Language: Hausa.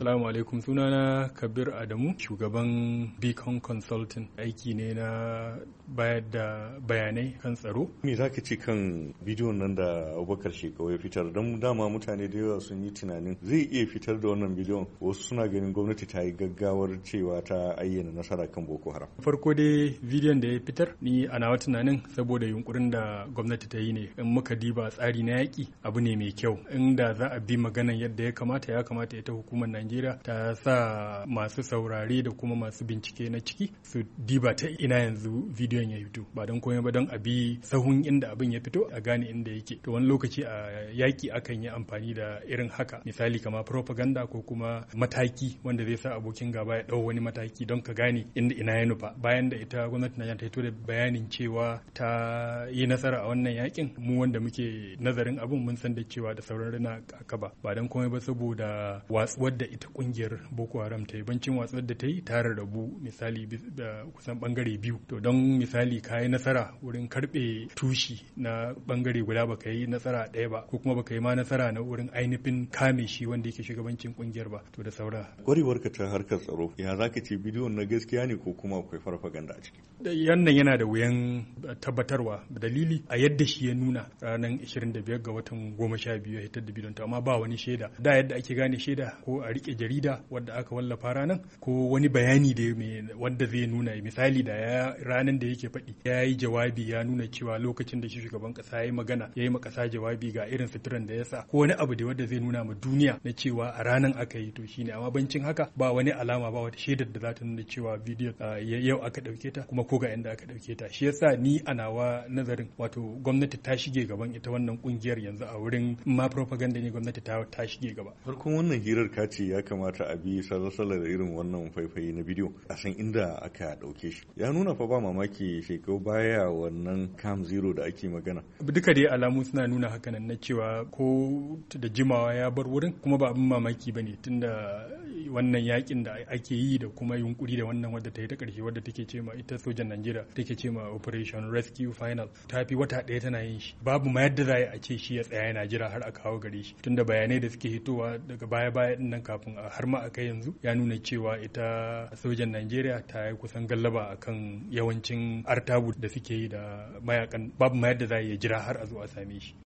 Salamu alaikum sunana Kabir Adamu shugaban Beacon Consulting aiki ne na bayar da bayanai kan tsaro. Me za ka ce kan bidiyon nan da Abubakar Shekau ya fitar don dama mutane da yawa sun yi tunanin zai iya fitar da wannan bidiyon wasu suna ganin gwamnati ta yi gaggawar cewa ta ayyana nasara kan Boko Haram. Farko dai bidiyon da ya fitar ni a nawa tunanin saboda yunkurin da gwamnati ta yi ne in muka diba tsari na yaƙi abu ne mai kyau inda za a bi maganan yadda ya kamata ya kamata ita hukumar Najeriya Najeriya ta sa masu saurari da kuma masu bincike na ciki su diba ta ina yanzu bidiyon ya fito ba don komai ba don a bi sahun inda abin ya fito a gane inda yake to wani lokaci a yaki akan yi amfani da irin haka misali kamar propaganda ko kuma mataki wanda zai sa abokin gaba ya dau wani mataki don ka gane inda ina ya nufa bayan da ita gwamnati na ta fito da bayanin cewa ta yi nasara a wannan yakin mu wanda muke nazarin abin mun san da cewa da sauran rana kaba ba don komai ba saboda watsuwar da ita kungiyar boko haram ta yi bancin watsar da ta yi ta rarrabu misali da kusan bangare biyu to don misali ka yi nasara wurin karbe tushi na bangare guda baka yi nasara ɗaya ba ko kuma baka yi ma nasara na wurin ainihin kame shi wanda yake shugabancin kungiyar ba to da saura ka ta harkar tsaro ya za ka ce bidiyon na gaskiya ne ko kuma akwai farfaganda a ciki yannan yana da wuyan tabbatarwa dalili a yadda shi ya nuna ranar 25 ga watan 12 ya hitar da bidiyon ta, amma ba wani shaida da yadda ake gane shaida ko a rike rike jarida wadda aka wallafa ranan ko wani bayani da wanda zai nuna misali da ya ranan da yake faɗi ya yi jawabi ya nuna cewa lokacin da shi shugaban kasa ya yi magana ya yi makasa jawabi ga irin suturan da ya sa ko wani abu da wanda zai nuna ma duniya na cewa a ranan aka yi to shine amma bancin haka ba wani alama ba wata shaidar da za ta nuna cewa bidiyo yau aka ɗauke ta kuma ko ga inda aka ɗauke ta shi yasa ni a nawa nazarin wato gwamnati ta shige gaban ita wannan kungiyar yanzu a wurin ma propaganda ne gwamnati ta shige gaba farkon wannan hirar ka ya ya kamata a bi salasala da irin wannan faifai na bidiyo a san inda aka ɗauke shi ya nuna fa ba mamaki shekau baya wannan cam zero da ake magana duka dai alamu suna nuna hakanan na cewa ko da jimawa ya bar wurin kuma ba abin mamaki ba ne tunda wannan yakin da ake yi da kuma yunkuri da wannan wadda ta yi ta karshe wadda take ce ma ita sojan Najeriya take ce ma Operation Rescue Final ta fi wata ɗaya tana yin shi babu ma yadda za a ce shi ya tsaya yana jira har a kawo gare shi tunda bayanai da suke hitowa daga baya baya din nan kafin kafin har ma a kai yanzu ya nuna cewa ita sojan Najeriya ta yi kusan gallaba akan yawancin artabu da suke yi da mayakan babu mayar da za a iya jira har a zo a same shi